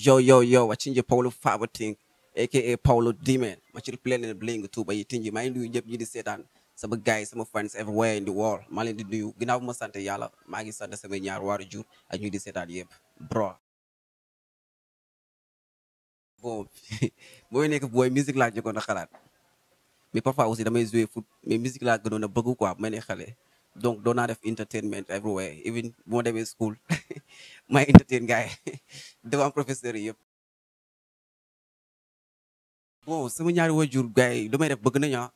Yo, yo, yo, your Paulo Faboting, aka Paulo Demon. Machil playing and playing too, but you think you mind you to say that. Some guys, some friends everywhere in the world. Malin did you gnaw mo santa yala, magi santa sa nyar waru jur, and you that. yep, bro. Boom. Boy a boy music like you la jikon na xalat. in parfois aussi damay jouer foot, gonna musique la gënon na many quoi, Don't don't have entertainment everywhere, even mo in school. my entertain guy the one professor yep. bon sama ñaari wajur gars yi lu may def bëgg nañ ah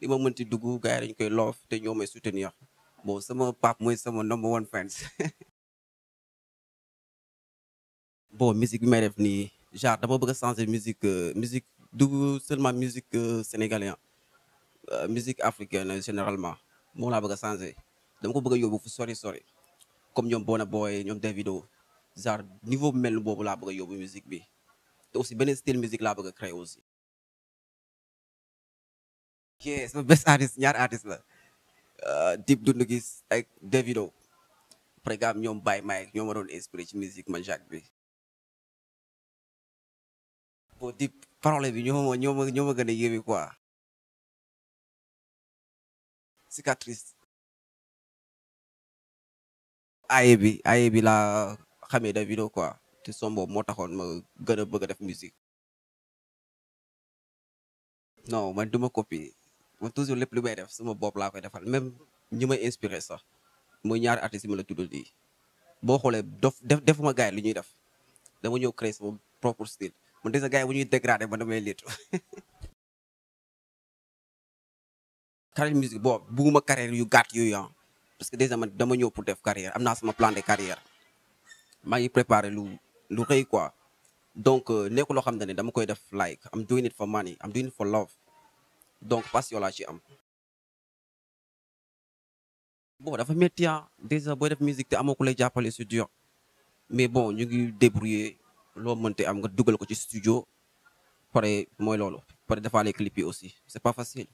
li ma mënti dugg gars yi dañ koy loof te ñoo may soutenir bon sama pap mooy sama number one fans. bon musique bi may def nii genre dama bëgg a changer musique musique dugg seulement musique sénégalaise uh, musique africaine généralement moom laa bëgg a changer dama ko bëgg a yóbbu fu sori sori. comme ñoom Burna Boy ñoom Davido genre niveau bu mel ni boobu laa bëgg a yóbbu musique bi te aussi beneen style musique laa bëgg a créer aussi. yes sama best artiste ñaar artiste la euh, Dip Doundou Guiss ak Davido par exemple ñoom Baye Mike ñoo ma doon inspiré ci musique man Jacques bi. bon Dip parole bi ñoo ma ñoo ma ñoo ma gën a yéeme quoi. cicatrice aaye bi aaye bi laa xamee Davido quoi te son moo taxoon ma gën a bëgg a def musique non man du ma copie man toujours lépp lu may def suma bopp laa koy defal même ñi may inspiré sax mooy ñaari artistes yi ma la tuddal di boo xoolee dof def defuma gars yi lu ñuy def dama ñëw créer sama propre style man déjà gars yi bu ñuy dégradé man damay ma carrière musique boobu bugguma carrière yu gàtt yu ah parce que déjà man dama ñëw pour def carrière am naa sama plan de carrière maa ngi lu lu rëy quoi donc euh, nekku loo xam ne dama koy def like I'm doing it for money I'm doing it for love donc passion laa ci am. bon dafa métti ah. déjà booy def musique te amoo ku jàppale c'est dur mais bon ñu ngi débrouiller loo mënte am nga dugal ko ci studio pare mooy loolu pare defaale clip yi aussi c'est pas facile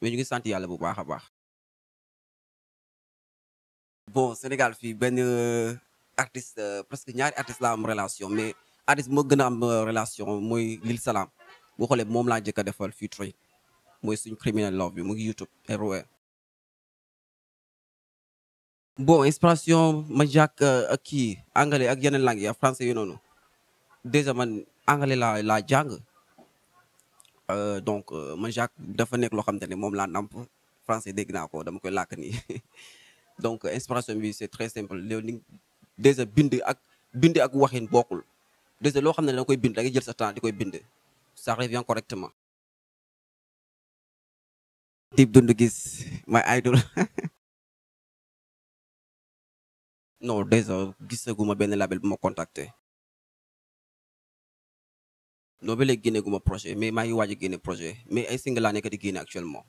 mais ñu ngi sant yàlla bu baax a baax. bon Sénégal fii ben artiste euh, presque ñaari artiste la am relation mais artiste mo gëna am euh, relation moy Lil Salam boo xolé mom la njëkk a defal featuring moy suñ criminal love bi mu ngi YouTube everywhere bon inspiration ma jàkk ak ki anglais ak yeneen langue yi français yi nonu déjà man anglais la laa euh, donc ma jàkk dafa nek lo xam te ne namp français dégg naa ko dama koy lak ni donc inspiration bi c'est très simple léegi déjà bind ak bind ak waxin bokul déjà loo xam ne da koy bind da ngay jël sa temps dikoy bind ça revient correctement. tip Doundou Guiss my idol. non déjà gisaguma benn label bu contacté. contacter. non ba léegi projet mais maa ngi waaj a projet mais ay single la nekk di guiné actuellement.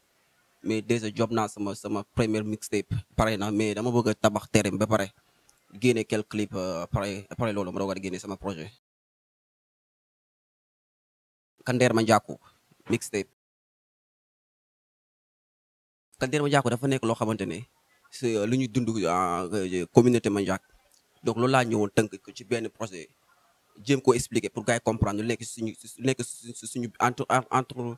mais déjà job naa sama sama première mixtape pare na mais dama bëgg a tabax terrain ba pare génne quelques clips euh, pare loolu ma doog a génne sama projet. Kandeer ma Njaaku mixtape. dafa nekk loo xamante ne euh, lu ñu dund euh, communauté ma Njaaku donc loolu laa ñëwoon tënk ko ci benn projet jéem ko expliquer pour gars yi comprendre lu nekk suñu nekk entre.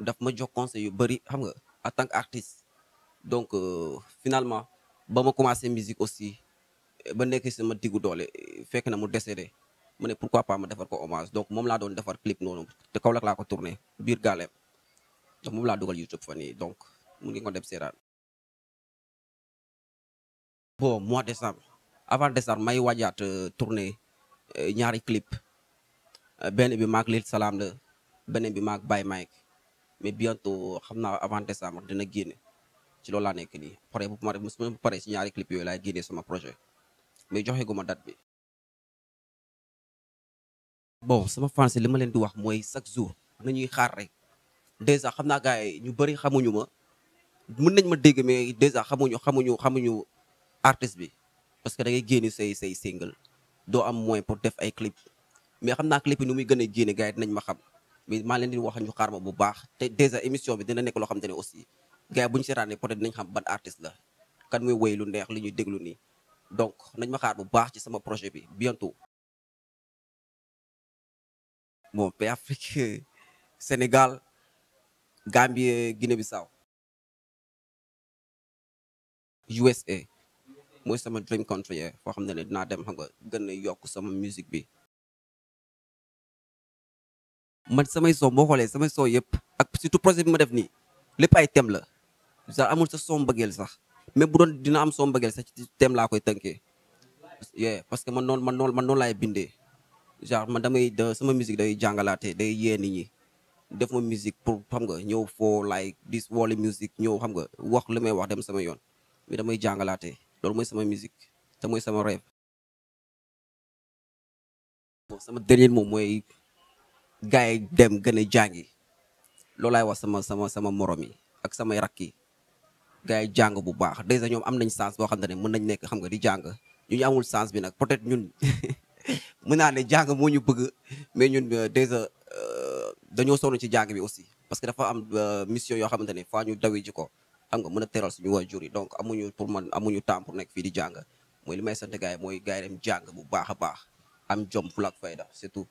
daf ma jox conseil yu bëri xam nga en tant qu'artiste donc euh, finalement ba ma commencé musique aussi ba nekk si ma diggu doole fekk na mu décédé mu ne pourquoi pas ma defar ko hommage donc moom laa doon defar clip noonu te Kaolack laa ko tourné biir Galem donc moom laa dugal YouTube fan yii donc mu ngi ko dem seeraan. bon mois décembre avant décembre may waajaat euh, tourné euh, ñaari clip benn bi maag Lil Salam la bi maag Baye Mike mais bientôt xam naa avant décembre dina génne ci loolu laa nekk nii pare bu ma su ma paree si ñaari clip yooyu laay génnee sama projet mais joxe gu ma dat bi. bon sama fans li ma leen di wax mooy chaque jour nañuy xaar rek dèjà xam naa gars ñu bëri xamuñu ma mën nañ ma dégg mais dèjà xamuñu xamuñu xamuñu artiste bi parce que da ngay génne say say single doo am moyen pour def ay clip mais xam naa clip yi nu muy gën a génne gars yi dinañ ma xam. mais maa leen di wax ñu xaar ma bu baax te dèjà émission bi dana nekk loo xam te ne aussi gars yi bu ñu seetaanee peut être dinañ xam ban artiste la kan muy woy lu neex li ñu déglu nii donc nañ ma xaar bu baax ci sama projet bi bientôt bon pays Afrique Sénégal Gambie bi Bissau USA mooy sama dream country foo xam ne ne dinaa dem xam nga gën a yokk sama musique bi man samay soo boo xoolee samay soo yëpp ak surtout projet bi ma def nii lépp ay thème la sax amul sa soo mbëggeel sax mais bu doon dina am soo mbëggeel sax ci laa koy tënkee yeah parce que man noonu man noonu man noonu laay bindee genre man damay da sama musique day jàngalaate day yee nit ñi def ma musique pour xam nga ñëw foo like dis woole musique ñëw xam nga wax li may wax dem sama yoon mi damay jàngalaate loolu mooy sama musique te mooy sama rêve sama dernier mot mooy gars yi dem gën a jàngi loolaay wax sama sama sama morom yi ak sama rakk yi gars yi jàng bu baax déjà ñoom am nañ sens boo xam ne mën nañ nekk xam nga di jàng ñu ñu amul bi nag peut-être ñun mën naa ne jàng moo ñu bëgg mais ñun euh, déjà euh, dañoo sonn ci jàng bi aussi parce que dafa am euh, mission yoo xamante ne faa ñu dawi ji ko xam mën a teral suñu waajur yi donc amuñu pour man amuñu temps pour fii di jàng mooy li may sant gars yi mooy gars yi dem jàng bu baax a baax am jom fula ak fayda surtout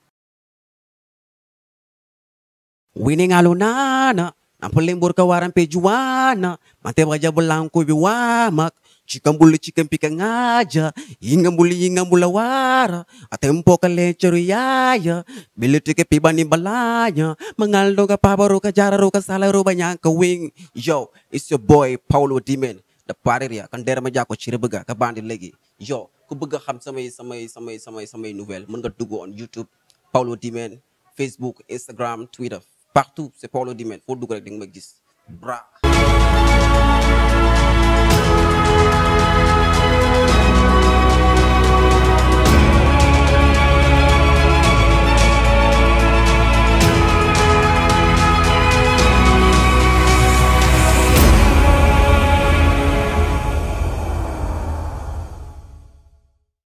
Winning alunana, nampalimbur kawaran pejuana, mate baja belangku biwamak, chicken bulu chicken pikang aja, ingan bulu ingan bula wara, atempo kale ceriaya, bila tike pibani balanya, mengaldo ka pabaru ka jararu ka salaru banyak wing. Yo, it's your boy Paulo Dimen, da parir ya kan der ma jako ci legi yo kubegah ham samai samai samai samai samai samay nouvelle on youtube paulo dimen facebook instagram twitter partout c'est Paolo Di Mel foo dugg rek di nga ma gis bra